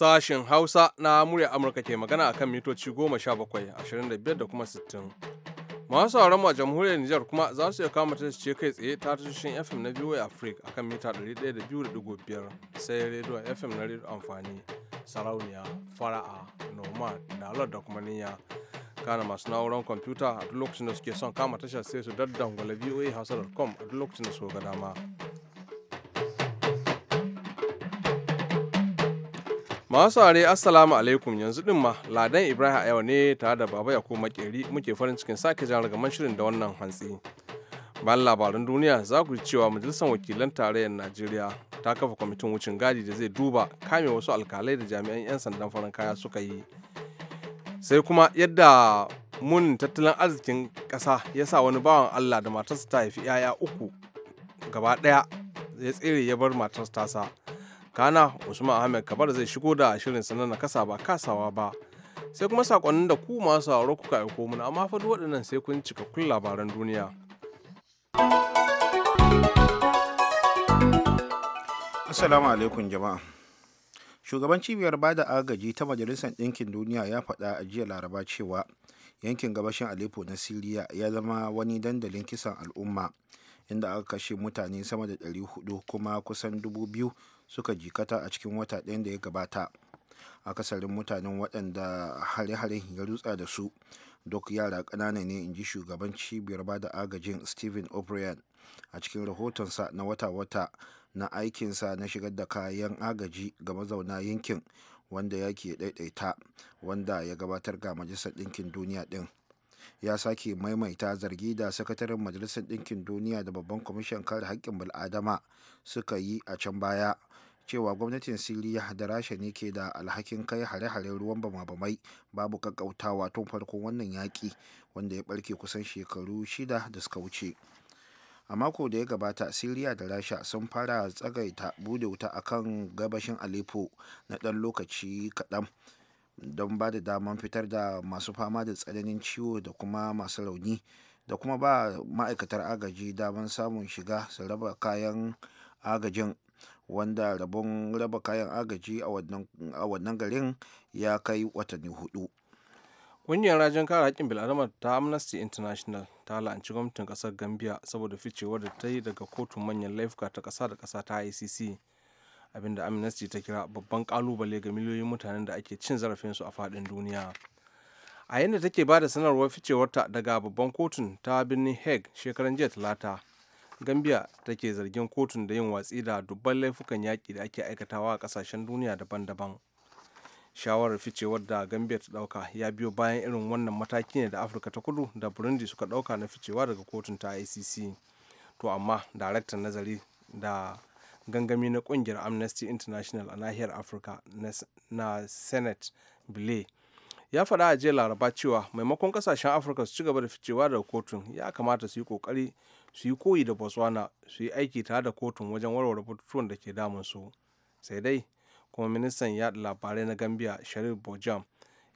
sashen Hausa na murya Amurka ke magana akan mitoci 17, da kuma 60. Masu sauran a jamhuriyar Nijar kuma za su iya kama ta ce kai tsaye ta tashoshin FM na VOA Africa akan mita 102.5 sai rediyon FM na rediyo amfani sarauniya fara'a noma dalar da kuma niyya kana masu na'uran kwamfuta a duk lokacin da suke son kama tashar sai su daddangwala voa hausa.com a duk lokacin da su ga dama. Masu are assalamu alaikum yanzu din ma Ladan Ibrahim yau ne tare da Baba ya Yakubu Makeri muke farin cikin sake jan ragaman shirin da wannan hantsi. Bayan labaran duniya za ku ji cewa majalisar wakilan tarayyar Najeriya ta kafa kwamitin wucin gadi da zai duba kame wasu alkalai da jami'an 'yan sandan farin kaya suka yi. Sai kuma yadda mun tattalin arzikin ƙasa ya sa wani bawan Allah da matarsa ta haifi 'ya'ya uku gaba ɗaya ya tsere ya bar matarsa tasa. kana usman ahmed kabar zai shigo da shirin sanar na kasa ba kasawa ba sai kuma sakonnin da ku masu aure kuka aiko mana amma fa waɗannan sai kun cika kun labaran duniya assalamu alaikum jama'a shugaban cibiyar bada agaji ta majalisar ɗinkin duniya ya faɗa a jiya laraba cewa yankin gabashin aleppo na siriya ya zama wani dandalin kisan al'umma inda aka kashe mutane sama da 400 kuma kusan 2000 suka jikata a cikin wata ɗayan da ya gabata akasarin mutanen waɗanda hare-hare ya rutsa da su duk yara ƙanana ne in ji shugaban cibiyar bada agajin stephen o'brien a cikin rahotonsa na wata-wata na aikinsa na shigar da kayan agaji ga mazauna yankin wanda ya ke ɗaiɗaita wanda ya gabatar ga majalisar ɗinkin duniya ɗin ya sake maimaita zargi da sakataren majalisar ɗinkin duniya da babban kwamishin kare haƙƙin bil'adama suka yi a can baya cewa gwamnatin siriya da rasha ne ke da alhakin kai hare-haren ruwan bama-bamai babu kakkautawa tun farkon wannan yaƙi wanda ya ɓarke kusan shekaru shida da suka wuce a mako da ya gabata siriya da rasha sun fara tsagaita bude wuta akan gabashin aleppo na ɗan lokaci kaɗan don ba da daman fitar da masu fama da tsananin ciwo da kuma masu rauni da kuma ba ma'aikatar agaji daman samun shiga su raba kayan agajin wanda rabon raba kayan agaji a wannan garin ya kai watanni hudu ƙungiyar rajin kare haƙƙin bil'adama ta amnesty international ta la'anci gwamnatin ƙasar gambia saboda ficewar da ta yi daga kotun manyan laifuka ta ƙasa da ƙasa ta icc abinda amnesty ta kira babban ƙalubale ga miliyoyin mutanen da ake cin zarafinsu a faɗin duniya a yadda take ba da sanarwar ficewarta daga babban kotun ta birnin hague shekaran jiya talata gambia da ke zargin kotun da yin watsi da dubban laifukan yaƙi da ake aikatawa a ƙasashen duniya daban-daban shawarar ficewar da gambia ta ɗauka ya biyo bayan irin wannan mataki ne da afirka ta kudu da burundi suka ɗauka na ficewa daga kotun ta icc to amma daraktan nazari da gangami na ƙungiyar amnesty international a nahiyar afirka na senate bile ya faɗa a jiya laraba cewa maimakon ƙasashen afirka su ci gaba da ficewa daga kotun ya kamata su yi ƙoƙari. su yi koyi da botswana su yi aiki tare da kotun wajen warware batutuwan da ke su sai dai kuma ministan yaɗa labarai na gambia sharif bojam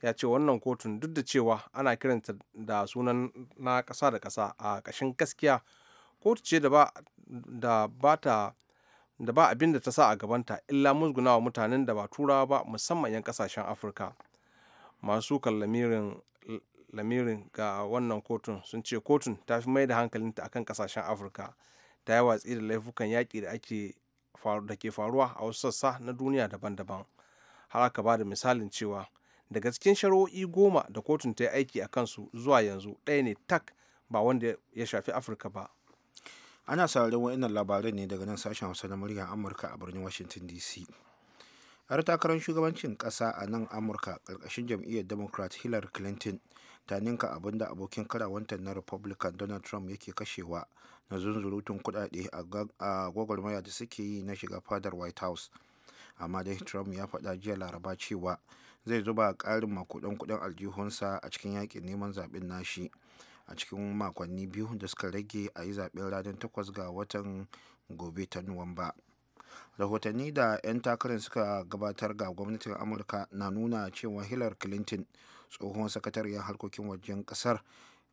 ya ce wannan kotun duk da cewa ana kiranta da sunan na kasa da ƙasa a ƙashin gaskiya kotu ce da ba ta da ba abin da ta sa a gabanta illa wa mutanen da ba turawa ba musamman 'yan kasashen afirka masu kallamirin lamirin ga wannan kotun sun ce kotun ta fi mai da hankalinta akan kasashen afirka ta yi watsi da laifukan yaƙi da ke faruwa a wasu sassa na duniya daban-daban har aka ba da misalin cewa daga cikin shari'o'i goma da kotun ta yi aiki a kansu zuwa yanzu ɗaya ne tak ba wanda ya shafi afirka ba ana sauraron wa'annan labarai ne daga nan sashen hausa na muryar amurka a birnin washington dc yar takarar shugabancin ƙasa a nan amurka ƙarƙashin jam'iyyar democrat hillary clinton ta ninka abin da abokin karawanta na republican donald trump yake kashewa na zunzurutun kudade a gwagwarmaya da suke yi na shiga fadar white house amma dai trump ya faɗa jiya laraba cewa zai zuba ƙarin makudan kudin aljihunsa a cikin yakin neman zaɓen nashi a cikin makonni biyu da suka rage a yi zaɓen ranar takwas ga watan gobe ta nuwamba rahotanni da 'yan takarar suka gabatar ga gwamnatin amurka na nuna cewa hillary clinton tsohon sakatariyar harkokin wajen kasar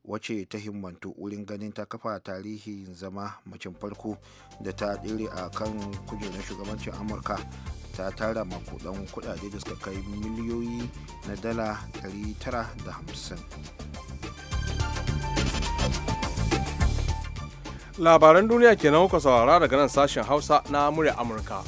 wace ta himmantu wurin ganin ta kafa tarihin zama macin farko da ta ɗere a kan kujerar shugabancin amurka ta tara makudan kudade da suka kai miliyoyi na dala 950 labaran duniya kenan kuka saurara daga nan sashen hausa na murya amurka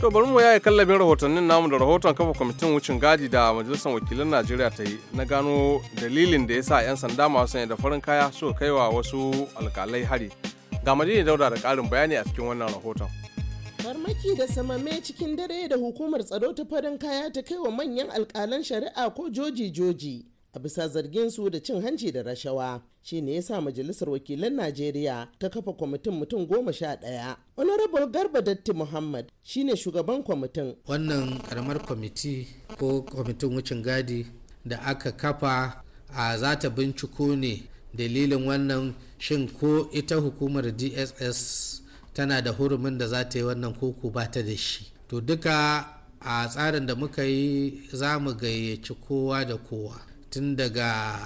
To bari mu yaya kallabin rahotannin namu da rahoton kafa kwamitin wucin gadi da majalisar wakilan Najeriya ta yi na gano dalilin da ya sa 'yan sanda masu sanya da farin kaya suka kai wa wasu alkalai hari. Ga madina dauda da ƙarin bayani a cikin wannan rahoton. farmaki da samame cikin dare da hukumar tsaro ta farin kaya ta kai wa manyan alkalan shari'a ko joji joji a bisa zargin su da cin hanci da rashawa shi ne ya sa majalisar wakilan najeriya ta kafa kwamitin mutum goma sha ɗaya honorable garba datti muhammad shi ne shugaban kwamitin wannan karamar kwamiti ko kwamitin wucin gadi da aka kafa a za ta binciko ne dalilin wannan shin ko ita hukumar dss tana da hurumin da za ta yi wannan koko ba ta da shi to duka a tsarin da muka yi za mu gayyaci kowa da kowa tun daga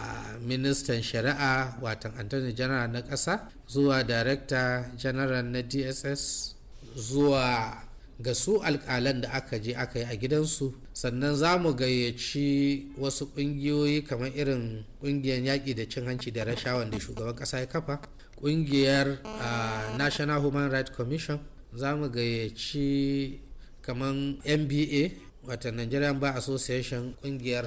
ministan shari'a watan antony general na ƙasa zuwa director general na dss zuwa ga su alƙalan da aka je aka yi a gidansu sannan za mu gayyaci wasu ƙungiyoyi kamar irin ƙungiyar yaƙi da cin hanci da rashawan da shugaban ƙasa ya kafa ƙungiyar national human rights commission za mu gayyaci kamar nba wata nigerian bar association ƙungiyar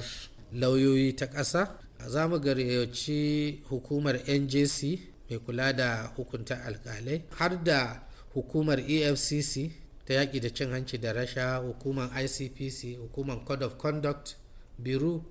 lauyoyi ta ƙasa za mu gayyaci hukumar njc mai kula da hukunta alkalai har da hukumar efcc ta yaƙi da cin hanci da rasha hukumar icpc hukumar code of conduct biru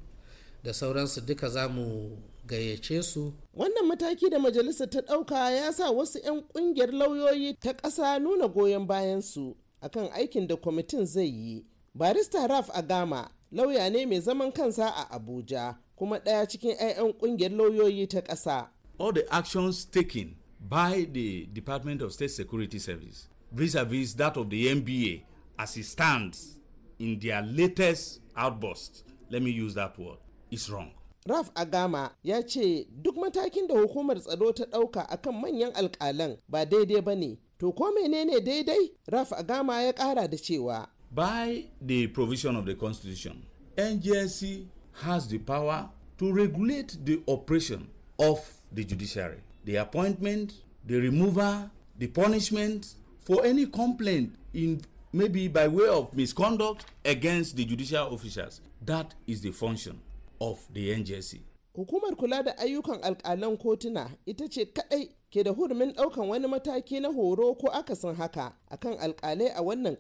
da sauransu duka za mu gayyace su. Wannan mataki da majalisa ta ɗauka ya sa wasu 'yan ƙungiyar lauyoyi ta ƙasa nuna goyon bayansu akan aikin da kwamitin zai yi. Barista Raf Agama lauya ne mai zaman kansa a abuja kuma ɗaya cikin 'ya'yan ƙungiyar lauyoyi ta ƙasa all the actions taken by the department of state security service vis-a-vis -vis that of the nba as it stands in their latest outburst let me use that word is wrong Raf Agama ya ce duk matakin da hukumar tsaro ta ɗauka akan manyan alƙalan ba daidai ba ne, to ko menene daidai? Raf Agama ya ƙara da cewa By the provision of the Constitution, NJSC has the power to regulate the operation of the judiciary, the appointment, the removal, the punishment for any complaint in maybe by way of misconduct against the judicial officers. That is the function of the NJC. Hukumar kula da ayyukan alkalan kotuna ita ce kadai ke da hurumin daukan wani mataki na horo ko akasin haka akan alkalai a wannan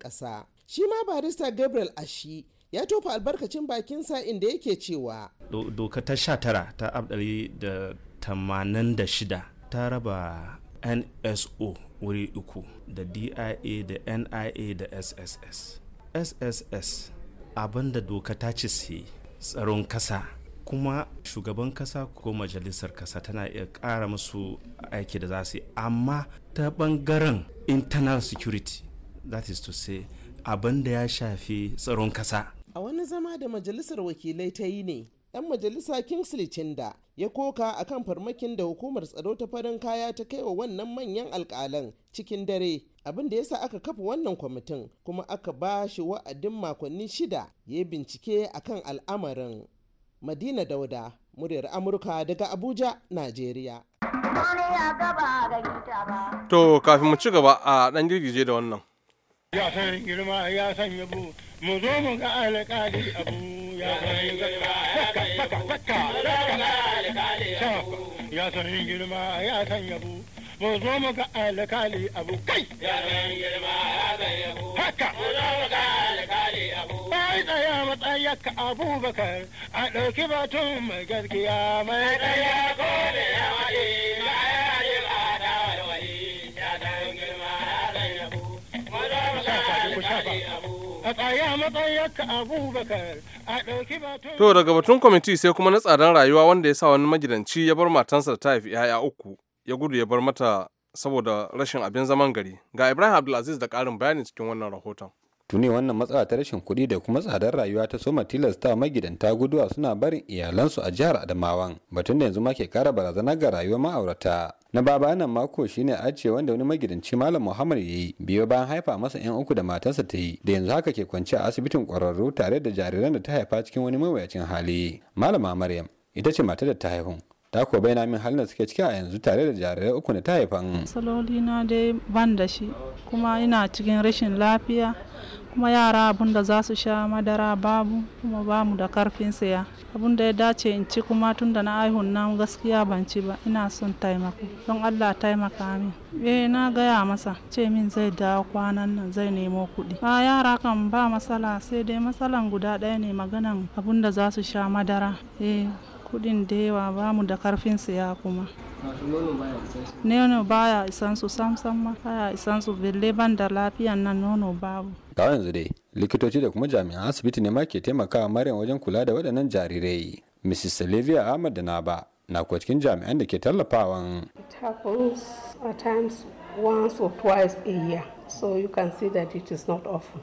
shi ma barista gabriel ashi ya tofa albarkacin bakin bakinsa inda yake cewa doka ta sha tara ta da da tamanin shida ta raba nso wuri uku da dia da nia da sss sss abinda doka ta ce sai tsaron kasa kuma shugaban kasa ko majalisar kasa tana iya ƙara musu aiki da za su yi amma ta bangaren internal security that is to say abin da ya shafi tsaron kasa a wani zama da majalisar wakilai ta yi ne dan majalisa kingsley chinda ya koka a kan farmakin da hukumar tsaro ta farin kaya ta kai wa wannan manyan alkalan cikin dare abin da ya sa aka kafa wannan kwamitin kuma aka ba shi wa'adin makonni shida ya yi bincike kan al'amarin madina dauda muryar amurka daga abuja najeriya to kafin mu ci gaba a ɗan girgije da wannan ya san girma ya san yabo mu zo mu ga alƙali abu ya san girma ya san yabo ya san girma ya san yabo mu zo mu ga alƙali abu kai ya san girma ya san yabo haka mu zo mu ga alƙali abu ai tsaya matsayaka abubakar a ɗauki batun mai gaskiya mai tsaya ko da ya waɗe ku to daga batun kwamiti sai kuma na tsadan rayuwa wanda ya sa wani majidanci ya bar matansa da ta haifi 'ya'ya uku ya gudu ya bar mata saboda rashin abin zaman gari ga ibrahim abdulaziz da ƙarin bayani cikin wannan rahoton tuni wannan matsala ta rashin kuɗi da kuma tsadar rayuwa ta soma tilasta magidanta guduwa suna barin iyalansu a jihar adamawan batun da yanzu ma ke kara barazana ga rayuwar ma'aurata na baba nan mako shine ace wanda wani magidanci malam muhammad ya yi biyo bayan haifa masa yan uku da matarsa ta yi da yanzu haka ke kwance a asibitin kwararru tare da jariran da ta haifa cikin wani mawuyacin hali malama maryam ita ce matar da ta haihu ta ko bayyana min halin da suke ciki a yanzu tare da jarirai uku da ta haifan saloli na dai ban da shi kuma ina cikin rashin lafiya kuma yara abun da za su sha madara babu kuma bamu da karfin saya abun da ya dace in ci kuma tun da na aihun na gaskiya ban ci ba ina son taimako don allah taimaka min e na gaya masa ce min zai dawo kwanan nan zai nemo kuɗi a yara kan ba masala sai dai matsalan guda ɗaya ne maganan abun da za su sha madara eh kudin da yawa ba mu da karfin siya kuma nono baya isan su sam sam ma baya isan su belle ban da lafiyan nan nono babu kawo yanzu dai likitoci da kuma jami'an asibiti ne ma ke taimakawa maryam wajen kula da waɗannan jarirai mrs salivia ahmad da na ba na kuwa cikin jami'an da ke tallafawan at times once or twice a year so you can see that it is not often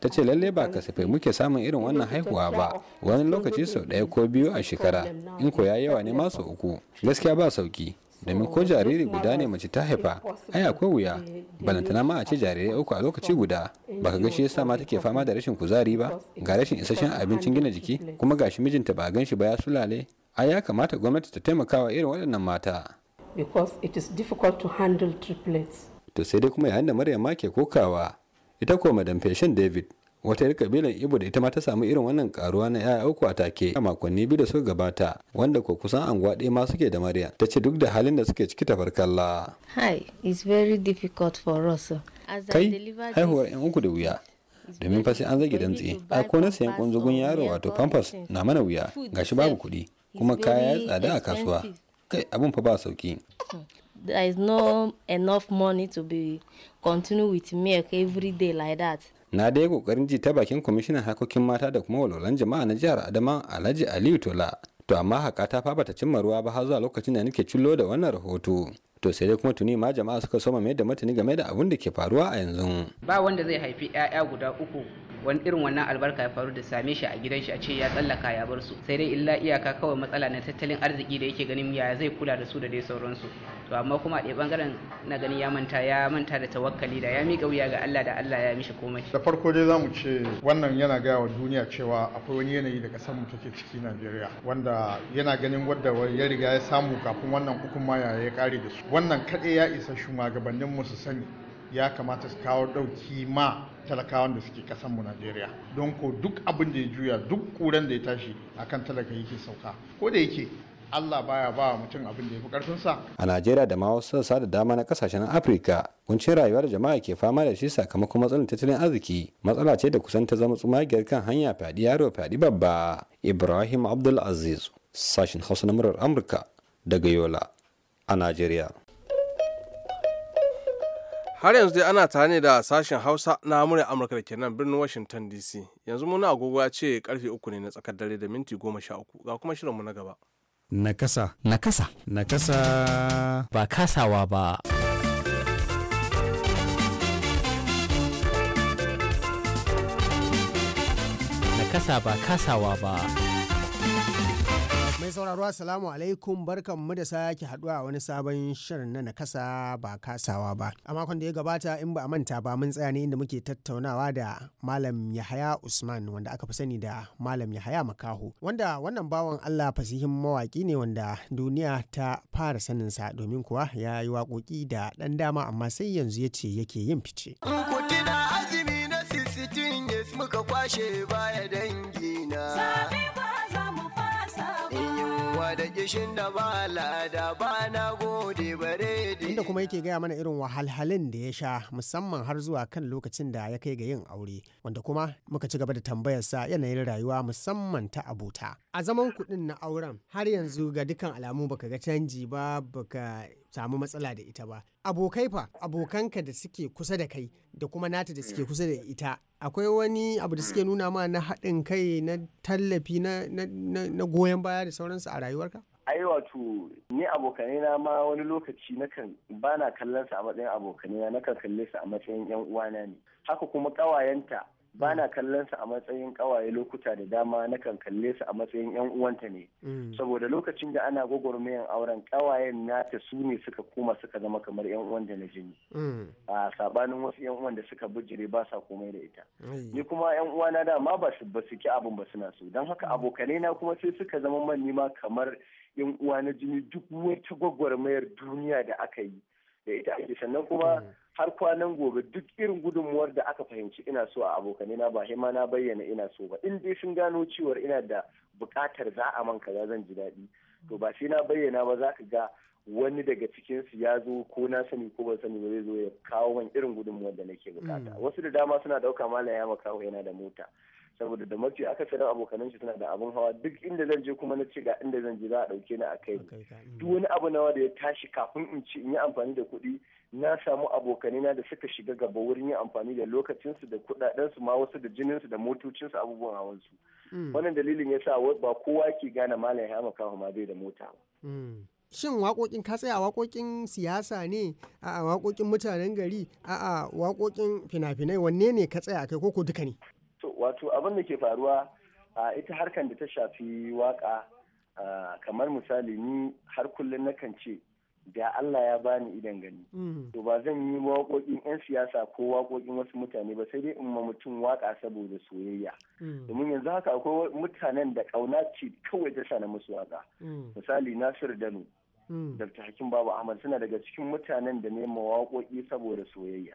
ta ce lalle ba kasafai muke samun irin wannan haihuwa ba wani lokaci sau ɗaya ko biyu a shekara in ko ya yawa ne masu uku gaskiya ba sauki domin ko jariri guda ne mace ta haifa ai akwai wuya balantana ma a ce jarirai uku a lokaci guda ka ga shi yasa ma take fama da rashin kuzari ba ga rashin isasshen abincin gina jiki kuma gashi mijinta ba gan shi ba ya sulale ai ya kamata gwamnati ta taimakawa irin waɗannan mata because it is to handle triplets to sai dai kuma yayin da Maryam ma ke kokawa ita ko madam feshin david wata yar kabilan ibo da ita ma ta samu irin wannan karuwa na yaya uku a take a makonni biyu da suka gabata wanda ko kusan anguwa ɗaya ma suke da maryam ta ce duk da halin da suke ciki ta farkalla hi is very difficult for us kai haihuwar yan uku da wuya domin fa sai an zage dantse a ko na sayan kunzugun yaro wato pampers na mana wuya gashi babu kuɗi kuma kaya ya tsada a kasuwa kai abun fa ba sauki there is no enough money to be continue with milk every day like that na dai kokarin ji ta bakin kwamishinan harkokin mata da kuma walwalan jama'a na jihar adama alhaji aliyu tola to amma haka ta fa bata cimma ruwa ba har zuwa lokacin da nake cillo da wannan rahoto to sai dai kuma tuni ma jama'a suka soma mai da matani game da abin da ke faruwa a yanzu ba wanda zai haifi 'ya'ya guda uku wani irin wannan albarka ya faru da same shi a gidan shi a ce ya tsallaka ya bar su sai dai illa iyaka kawai matsala na tattalin arziki da yake ganin ya zai kula da su da dai sauransu to amma kuma a ɗaya bangaren na gani ya manta ya manta da tawakkali da ya miƙa wuya ga Allah da Allah ya mishi komai da farko dai zamu ce wannan yana gaya wa duniya cewa akwai wani yanayi da kasar mu take ciki Najeriya wanda yana ganin wadda ya riga ya samu kafin wannan hukuma ya ya kare da su wannan kaɗai ya isa shugabannin mu su sani ya kamata su kawo ɗauki ma talakawan da suke mu Najeriya don ko duk abin da ya juya duk kuran da ya tashi akan talaka yake sauka ko da yake Allah baya ba mutum abin da ya fi sa. A Najeriya da ma wasu sassa da dama na kasashen Afirka, kuncin rayuwar jama'a ke fama da shi sakamakon matsalar tattalin arziki. Matsala ce da kusan ta zama tsumagiyar kan hanya fyaɗi yaro fyaɗi babba. Ibrahim Abdul Aziz, sashen Hausa na murar Amurka daga Yola a Najeriya. Har yanzu dai ana tare ne da sashen Hausa na murya Amurka da ke nan birnin Washington DC. Yanzu muna agogo ya ce karfe uku ne na tsakar dare da minti goma sha uku. Ga kuma shirinmu na gaba. Nakasa. Nakasa. Nakasa. Ba kasawa ba. Nakasa ba kasawa ba. Mai sauraro Assalamu alaikum barkan mu da sake haduwa a wani sabon shirin na nakasa ba kasawa ba. A makon da ya gabata in ba a manta ba mun tsaya ne inda muke tattaunawa da Malam Yahaya Usman wanda aka fi sani da Malam Yahaya Makaho. Wanda wannan bawan Allah fasihin mawaki ne wanda duniya ta fara sanin sa domin kuwa ya yi waƙoƙi da ɗan dama amma sai yanzu ya ce yake yin fice. azumi na 16 muka kwashe baya dangina. ofishin da ba lada ba na gode bare inda kuma yake gaya mana irin wahalhalin da ya sha musamman har zuwa kan lokacin da ya kai ga yin aure wanda kuma muka ci gaba da tambayar sa yanayin rayuwa musamman ta abota a zaman kuɗin na auren har yanzu ga dukkan alamu baka ga canji ba baka samu matsala da ita ba abokai fa abokanka da suke kusa da kai da kuma nata da suke kusa da ita akwai wani abu da suke nuna ma na haɗin kai na tallafi na goyon baya da sauransu a rayuwarka ai wato ni abokanai na ma wani lokaci na ba na kallon su a matsayin abokanai na kan kalle su a matsayin yan uwana ne haka kuma ƙawayenta ba mm. na kallon su a matsayin kawaye lokuta da dama na kan kalle su a matsayin yan uwanta ne mm. saboda lokacin da ana gwagwarmayan auren kawayen nata su ne suka koma suka zama kamar yan uwan da na jini mm. a sabanin wasu yan uwan da suka bijire ba sa komai da ita ni kuma yan uwana da ma ba su ba su ki abin ba suna so don haka abokanai na kuma sai suka zama man nima kamar yan uwa na jini duk wata gwagwarmayar duniya da aka yi da ita ake sannan kuma hmm. har kwanan gobe duk irin gudunmuwar da aka fahimci ina so a abokanai na ba ma na bayyana ina so ba in dai sun gano cewar ina da bukatar za a man kaza zan ji daɗi to ba sai na bayyana ba za ka ga wani daga cikin su ya zo ko na sani ko ban sani ba zai zo ya kawo man irin gudunmuwar da nake bukata hmm. wasu da dama suna ɗauka malam ya kawo yana da mota saboda da mafi tsira abokanan shi suna da abun hawa duk inda zan je kuma na ce ga inda zan je za a dauke ni a kai mm. duk wani abu nawa da ya tashi kafin in ci in yi amfani da kuɗi na samu abokanai na da suka shiga gaba wurin yin amfani da lokacinsu da kuɗaɗensu ma wasu da jinin su da motocinsu abubuwan hawan su mm. wannan dalilin yasa ba kowa ke gane malam ya makawa ma bai da mota ba mm. shin waƙoƙin ka tsaya waƙoƙin siyasa ne a waƙoƙin mutanen gari a waƙoƙin fina-finai wanne ne ka tsaya kai koko duka ne wato abin da ke faruwa a ita harkan da ta shafi waka kamar misali ni har kullum nakan ce da Allah ya bani idan gani mm. to ba zan yi waƙoƙin 'yan siyasa ko waƙoƙin wasu mutane ba sai dai in ma mutum waƙa saboda soyayya mm. domin yanzu haka akwai mutanen da ƙauna ce kawai ta sha na musu waƙa mm. misali Nasir Dano Dr. Hakim Babu Ahmad suna daga cikin mutanen da nema waƙoƙi saboda soyayya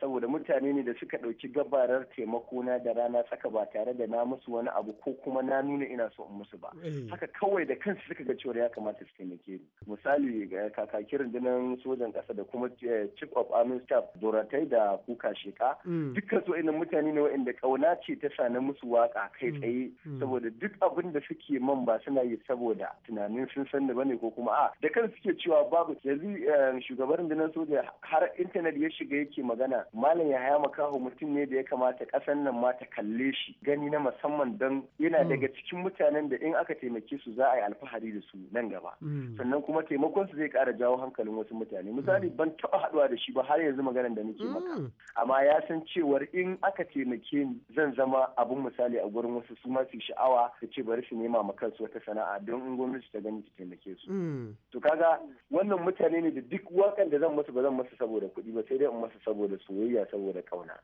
saboda mutane ne da suka ɗauki gabarar taimakona da rana tsaka ba tare da na musu wani abu ko kuma na nuna ina so in musu ba eh. haka kawai da kansu suka ga cewa ya kamata su taimake ni misali kakakin rundunar sojan ƙasa da kuma eh, chief of army staff doratai da kuka sheka mm. dukkan su wa'innan mutane ne waɗanda ƙauna ce ta sa na musu waka kai mm. tsaye mm. saboda duk abin da suke man ba suna yi saboda tunanin sun san da bane ko kuma a da kansu suke cewa babu yanzu eh, shugaban rundunar soja har intanet ya shiga yake magana magana malam yahaya makaho mutum ne da ya kamata kasan nan ma ta kalle shi gani na musamman don yana hmm. daga cikin mutanen da in aka taimake su za a yi alfahari da su nan gaba hmm. sannan kuma taimakon su zai kara jawo hankalin wasu mutane misali hmm. ban taɓa haɗuwa da shi ba har yanzu maganar da nake maka amma ya san cewar in aka taimake ni zan zama abun misali a gurin wasu su ma su sha'awa ka ce bari su nema ma kansu wata sana'a don in gwamnati ta gani ta taimake su to kaga wannan mutane ne da duk wakan da zan masu ba zan masu saboda kuɗi ba sai dai in masu saboda saboda soyayya saboda kauna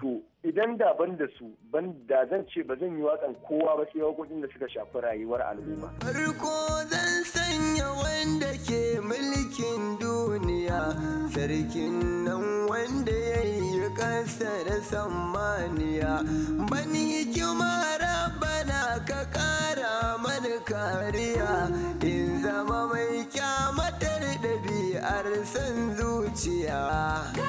to idan da ban da su ban da zan ce ba zan yi watsan kowa ba sai wakokin da suka shafi rayuwar al'umma farko zan sanya wanda ke mulkin duniya sarkin nan wanda ya yi ƙasa da samaniya ban hikima rabana ka ƙara mani kariya in zama mai kyamatar ɗabi'ar san zuciya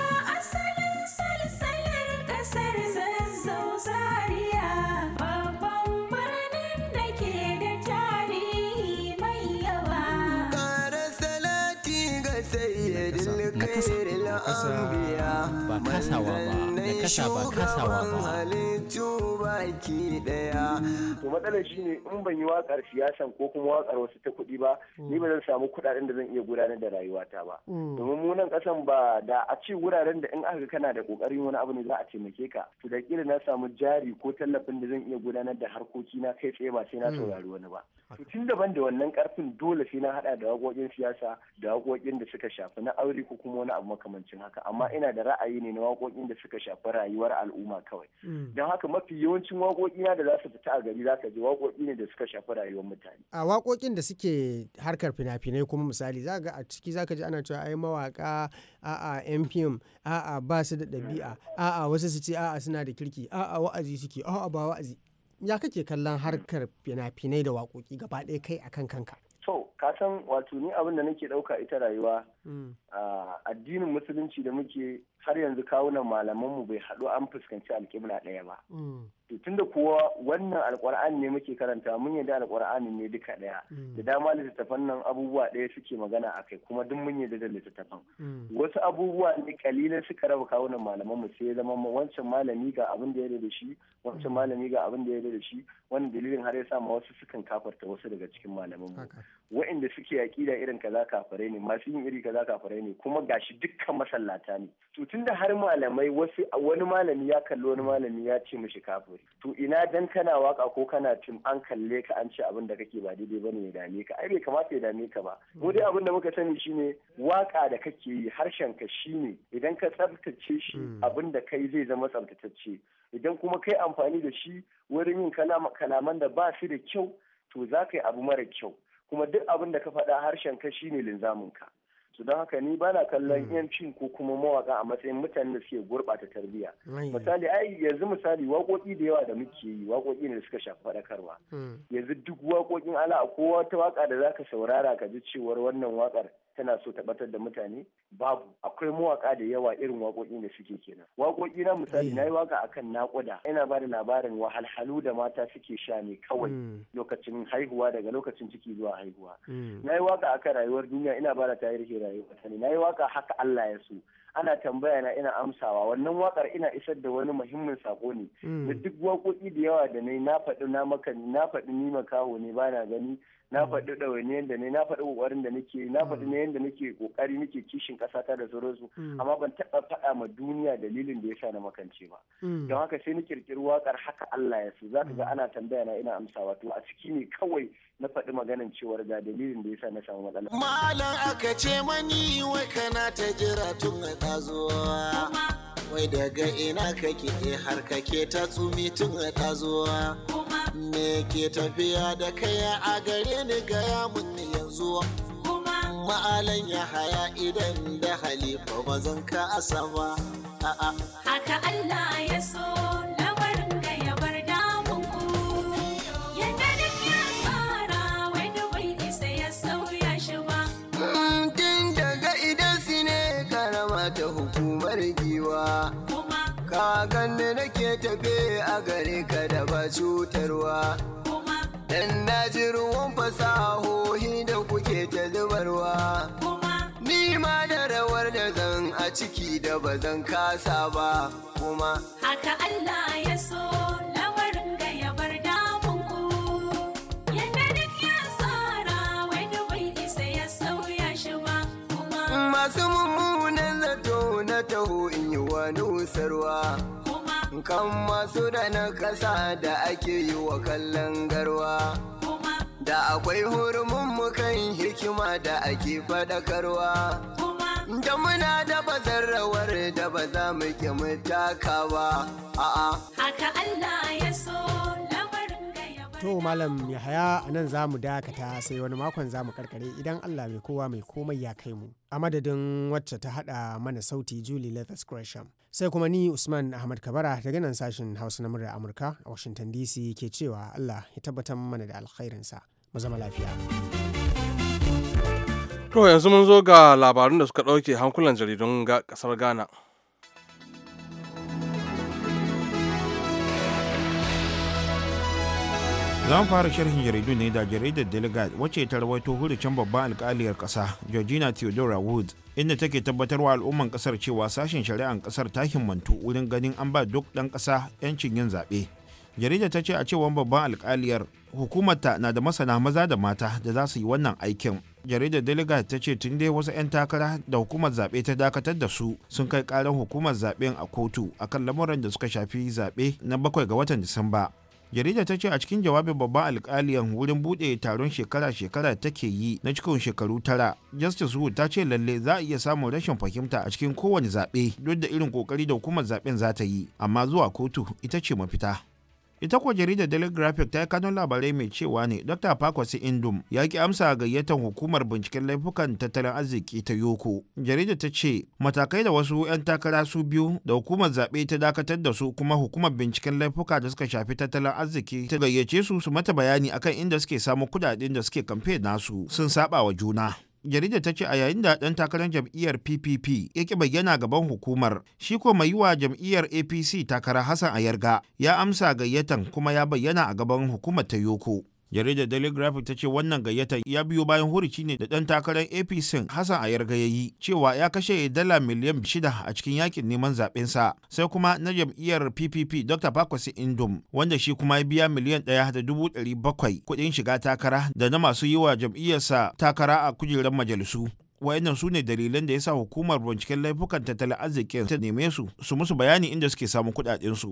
kasawa ba da kasa ba kasawa ba baki daya to matsalar shine in ban yi wakar siyasan ko kuma wakar wasu ta kuɗi ba mm. ni ba zan samu kuɗaɗen da zan iya gudanar da rayuwata ba mm. domin mu nan kasan ba da a ce wuraren da in aka kana da kokarin wani abu ne za a taimake ka to da kila na samu jari ko tallafin da zan iya gudanar da harkoki na kai tsaye ba sai na mm. saurari wani ba to tun daban da wannan karfin dole sai na hada da wakokin siyasa da wakokin da suka shafi na aure ko kuma wani abu makamancin haka amma ina da ra'ayi ne na wakokin da suka shafi rayuwar al'umma kawai don haka mafi yawan yawancin waƙoƙina da za su fita a gari za ka ji waƙoƙi ne da suka shafi rayuwar mutane. A waƙoƙin da suke harkar fina-finai kuma misali za ga a ciki za ka ji ana cewa ai mawaƙa a'a MPM a'a ba su da ɗabi'a a'a wasu su ce a'a suna da kirki a'a wa'azi suke a'a ba wa'azi. Ya kake kallon harkar fina-finai da waƙoƙi gaba ɗaya kai a kan kanka? to ka san wato ni abin da nake ɗauka ita rayuwa mm. addinin musulunci da muke har yanzu kawunan malaman mu bai haɗu an fuskanci alƙibla ɗaya ba. Mm. To tunda kuwa wannan alƙur'ani ne muke karanta mun yadda alƙur'ani ne duka ɗaya. Mm. Da dama littattafan nan abubuwa ɗaya suke magana a kai kuma duk mun yadda da littattafan. Mm. Wasu abubuwa ne kalilan suka raba kawunan malaman mu sai ya zama wancan malami ga abin da ya da shi wancan malami ga abin da ya da shi wani dalilin har ya sa ma wasu sukan kafarta wasu daga cikin mu Wa'inda suke aƙida irin kaza kafare ne masu yin iri kaza kafare ne kuma gashi dukkan masallata ne. tun da har malamai wasu wani malami ya kalli wani malami ya ce mishi kafin to ina dan kana waka ko kana cin an kalle ka an ce abin da kake ba daidai bane ya dame ka ai bai kamata ya dame ka ba mu dai abin da muka sani shine waka da kake yi harshen ka shine idan ka tsaftace shi hmm. abin da kai zai zama tsaftatacce idan kuma kai amfani da shi wurin yin kalaman da ba su da kyau to za ka yi abu mara kyau kuma duk abin da ka faɗa harshen ka shine linzamin ka su don haka ni bana kallon yancin hmm. ko kuma mawaka a matsayin mutanen da suke gurɓata tarbiyya misali ai yanzu misali waƙoƙi da yawa da muke yi waƙoƙi ne da suka shafi faɗakarwa hmm. yanzu duk waƙoƙin ala kowa wata waka da zaka saurara ka ji cewar wannan waƙar tana so ta batar da mutane babu akwai mawaƙa da yawa irin waƙoƙin da suke kenan waƙoƙi na misali eh. na yi waka akan naƙuda yana ba da labarin wahalhalu da mata suke sha ne kawai hmm. lokacin haihuwa daga lokacin ciki zuwa haihuwa hmm. na yi waka akan rayuwar duniya ina ba da tarihi rayuwa ta na yi waka haka Allah ya so ana tambaya na ina amsawa wannan wakar ina isar da wani muhimmin sako ne hmm. da duk waƙoƙi da yawa da na na faɗi na maka na faɗi ni makaho ne bana gani na mm. faɗi ɗawainiyar da ne na faɗi ƙoƙarin da nake na faɗi mm. na yadda nake ƙoƙari nake kishin ƙasa ta da sauransu mm. amma ban taɓa faɗa ma duniya dalilin da ya sa na makance ba don haka sai na ƙirƙiri waƙar haka Allah ya su za ka ga ana tambaya na ina amsa wato a ciki ne kawai na faɗi maganan cewar ga dalilin da ya sa na samu matsala. Malam aka ce mani wai kana ta jira tun ta zuwa. wai daga ina kake eh, har kake ta tsumi tun a zuwa me ke tafiya da kai a gare ni gaya mun yanzu ma'alan ya haya idan da halifa bazan ka ba a'a haka Allah ya so a gare ka da ba cutarwa dan na ji ruwan fasahohi da kuke ta zubarwa ni ma da rawar da zan a ciki da ba zan kasa ba kuma haka Allah ya so yadda duk ya tsara ya sauya shi ba kuma masu mummunan zato na taho in yi wa nusarwa kan masu da na kasa da ake yi wa kallon garwa. Da akwai hurumin mu kan hikima da ake faɗakarwa. Da muna da bazarrawar da ba za mu ƙi mutaka ba. A'a. Haka Allah ya so. to malam yahaya a nan za mu dakata sai wani makon za mu karkare idan allah mai kowa mai komai ya kai mu a madadin wacce ta hada mana sauti julie leathers gresham sai kuma ni usman ahmad kabara daga nan sashen hausa na murya amurka a washington dc ke cewa allah ya tabbatar mana da alkhairinsa mu zama lafiya to yanzu mun zo ga labarun da suka ɗauke hankulan jaridun kasar ghana za fara sharhin jaridu ne da jaridar delegate wacce ta rawaito hurucin babban alkaliyar kasa georgina theodora woods inda take tabbatarwa al'umman kasar cewa sashen shari'an kasar ta himmantu wurin ganin an ba duk dan kasa yancin yin zaɓe jaridar ta ce a cewar babban alkaliyar hukumarta na da masana maza da mata da za su yi wannan aikin jaridar delegate ta ce tun dai wasu 'yan takara da hukumar zaɓe ta dakatar da su sun kai ƙarar hukumar zaɓen a kotu akan lamuran da suka shafi zaɓe na bakwai ga watan disamba jarida ta ce a cikin jawabin babban alkaliyan wurin bude taron shekara-shekara take yi na cikin shekaru tara justice wood ta ce lalle za a iya samun rashin fahimta a cikin kowane zaɓe duk da irin kokari da hukumar zaɓen za ta yi amma zuwa kotu ita ce mafita ita kuwa jaridar daily graphic ta yi kanun labarai mai cewa ne dr pakwasi indum ya ki amsa gayyatar hukumar binciken laifukan tattalin arziki ta yoko jaridar ta ce matakai da wasu 'yan takara su biyu da hukumar zaɓe ta dakatar da su kuma hukumar binciken laifuka da suka shafi tattalin arziki ta gayyace su su mata bayani akan inda suke samun kudaden da suke kamfe nasu sun saba wa juna jaridar ta ce a yayin da ɗan takarar jam'iyyar ppp ya ƙi bayyana gaban hukumar shi ko mai yiwa jam'iyyar apc takara hassan ayarga ya amsa gayyatan kuma ya bayyana a gaban hukumar ta yoko jaridar daily graphic ta ce wannan gayyata ya biyo bayan hurici ne da dan takarar apc hassan ayarga ya yi cewa ya kashe dala miliyan shida a cikin yakin neman zaben sa sai kuma na jam'iyyar ppp dr pakwasi indom wanda shi kuma ya biya miliyan ɗaya da dubu ɗari bakwai kuɗin shiga takara da na masu yi wa jam'iyyarsa takara a kujerar majalisu wayannan su ne dalilan da ya sa hukumar binciken laifukan tattalin arzikin ta neme su su musu bayani inda suke samu kuɗaɗen su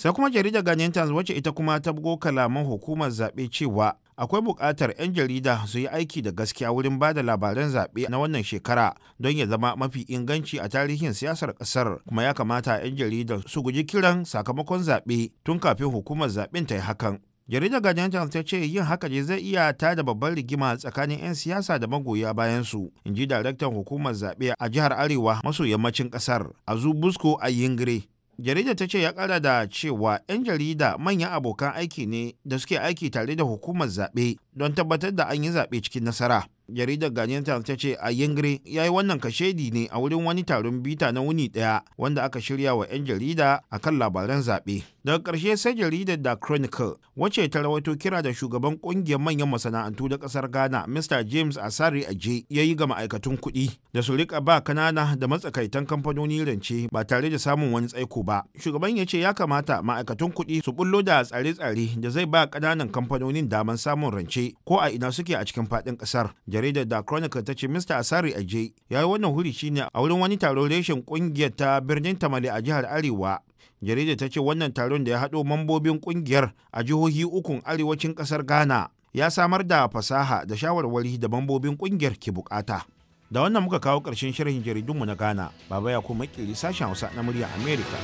sai kuma jaridar ganyen times wacce ita kuma ta bugo kalaman hukumar zaɓe cewa akwai buƙatar 'yan jarida su yi aiki da gaskiya wurin ba da labaran zaɓe na wannan shekara don ya zama mafi inganci a tarihin siyasar ƙasar kuma ya kamata 'yan jarida su guji kiran sakamakon zaɓe tun kafin hukumar zaɓen ta yi hakan jaridar guardian ta ce yin haka ne zai iya tada babban rigima tsakanin 'yan siyasa da magoya bayan su in ji daraktan hukumar zaɓe a jihar arewa maso yammacin ƙasar azu busko a yingire jaridar ta ce ya kara da cewa 'yan jarida manyan abokan aiki ne da suke aiki tare da hukumar zaɓe don tabbatar da an yi zaɓe cikin nasara. jaridar Ghanaian Times ta ce a Yingre ya yi wannan kashedi ne a wurin wani taron bita na wuni ɗaya wanda aka shirya wa 'yan jarida a kan labaran zaɓe. Daga ƙarshe sai jaridar da Chronicle wacce ta rawaito kira da shugaban ƙungiyar manyan masana'antu da ƙasar Ghana Mr. James Asari Aje ya yi ga ma'aikatun kuɗi da su riƙa ba kanana da matsakaitan kamfanoni rance ba tare da samun wani tsaiko ba. Shugaban ya ce ya kamata ma'aikatun kuɗi su bullo da tsare-tsare da zai ba ƙananan kamfanonin daman samun rance ko a ina suke a cikin fadin kasar jaridar da chronicle ta ce mr asari aje ya yi wannan huri ne a wurin wani taron reshen kungiyar ta birnin tamale a jihar arewa jaridar ta ce wannan taron da ya haɗo mambobin kungiyar a jihohi ukun arewacin kasar ghana ya samar da fasaha da shawarwari da mambobin kungiyar ke bukata da wannan muka kawo ƙarshen sharhin jaridunmu na ghana baba ya kuma kiri sashen hausa na murya america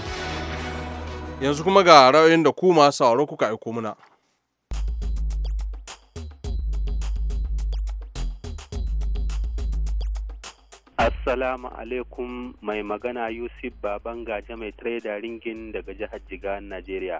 yanzu kuma ga ra'ayoyin da ku masu sauraro kuka aiko mana Assalamu alaikum mai magana Yusuf Baban gaja mai trader ringin daga jihar Jigawan Najeriya.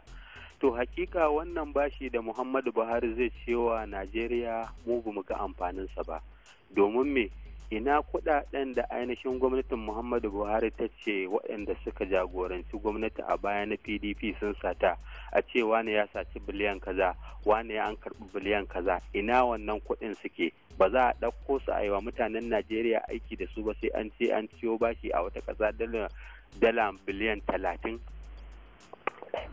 To hakika wannan bashi da Muhammadu Buhari zai cewa Najeriya mu bamu ga amfaninsa ba. Domin me ina kudaden da ainihin gwamnatin muhammadu buhari ta ce waɗanda suka jagoranci gwamnati a baya na pdp sun sata a ce wani ya saci biliyan kaza wani ya an karɓi biliyan kaza ina wannan kuɗin suke ba za a ɗauko su a yi wa mutanen najeriya aiki da su ba sai an ce an ciyo bashi a wata ƙasa dala biliyan talatin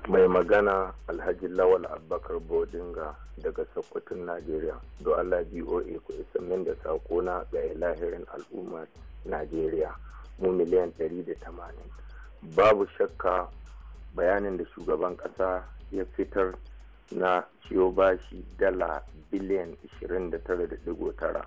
mai magana alhaji lawal abubakar bodinga daga sokoton najeriya do allah boa ku min da sakona ga lahirin al'ummar najeriya mu miliyan 180 babu shakka bayanin da shugaban kasa ya fitar na ciyo bashi dala biliyan 29.9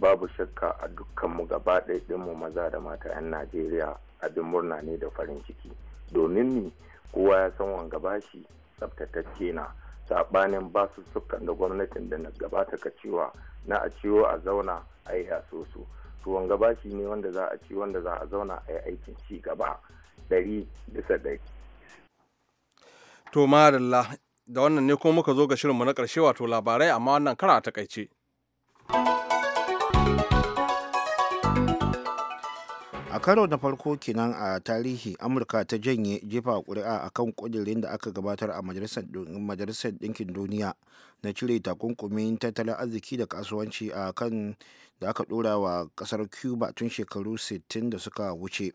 babu shakka a dukkanmu gaba ɗaya mu maza da mata 'yan najeriya abin murna ne da farin ciki domin kowa ya san wanga bashi tsabtatacce na saɓanin basu sukan da gwamnatin da na gabata ka cewa na a ciwo a zauna a yi yaso su to wanga bashi ne wanda za a ci wanda za a zauna a yi aikin ci gaba ɗari bisa dari to ma da wannan ne kuma muka zo ga shirinmu na ƙarshe wato labarai amma wannan kara a takaice. a karo na farko kenan a tarihi amurka ta janye jefa kuri'a a kan kudirin da aka gabatar a majalisar ɗinkin duniya na cire takunkumin tattalin arziki da kasuwanci a kan da aka ɗora wa ƙasar cuba tun shekaru 60 da suka wuce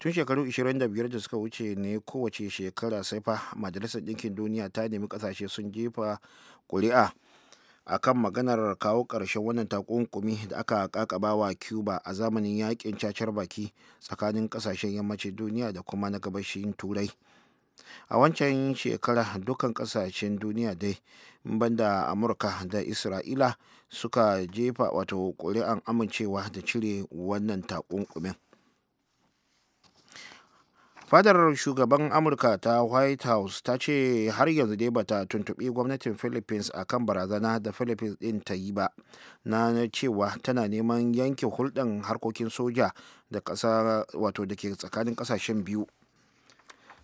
tun shekaru 25 da suka wuce ne kowace shekara sai fa majalisar ɗinkin duniya ta nemi ƙasashe sun jefa kuri'a a kan maganar kawo ƙarshen wannan takunkumi da aka kakaba wa cuba a zamanin yakin cacar baki tsakanin ƙasashen yammacin duniya da kuma na gabashin turai a wancan shekara dukkan ƙasashen duniya dai banda amurka da isra'ila suka jefa wato ƙuri'an amincewa da cire wannan takunkumin. fadar shugaban amurka ta white house ta ce har yanzu dai bata tuntuɓi gwamnatin philippines a kan barazana da philippines din ta yi ba na cewa tana neman yanke hulɗan harkokin soja da ƙasa wato da ke tsakanin ƙasashen biyu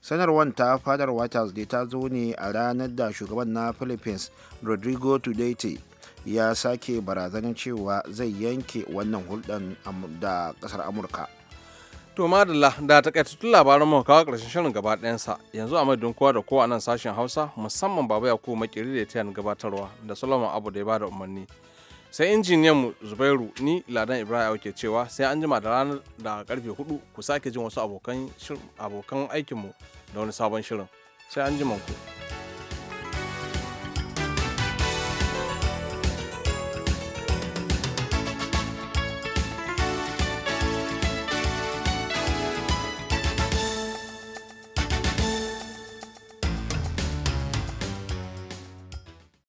sanarwar ta fadar white house dai ta zo ne a ranar da shugaban na philippines rodrigo tudete ya sake barazanar cewa zai yanke wannan hulɗan da ƙasar amurka To madalla da takaitattun labaran mu kawo ƙarshen shirin gaba sa yanzu a mai kowa da kowa nan sashen Hausa musamman Baba Yakubu Makiri da Tiyan gabatarwa da Solomon Abu da ya bada umarni. Sai injiniyan mu Zubairu ni Ladan Ibrahim ke cewa sai an jima da ranar da karfe 4 ku sake jin wasu abokan abokan aikin mu da wani sabon shirin. Sai an jima ku.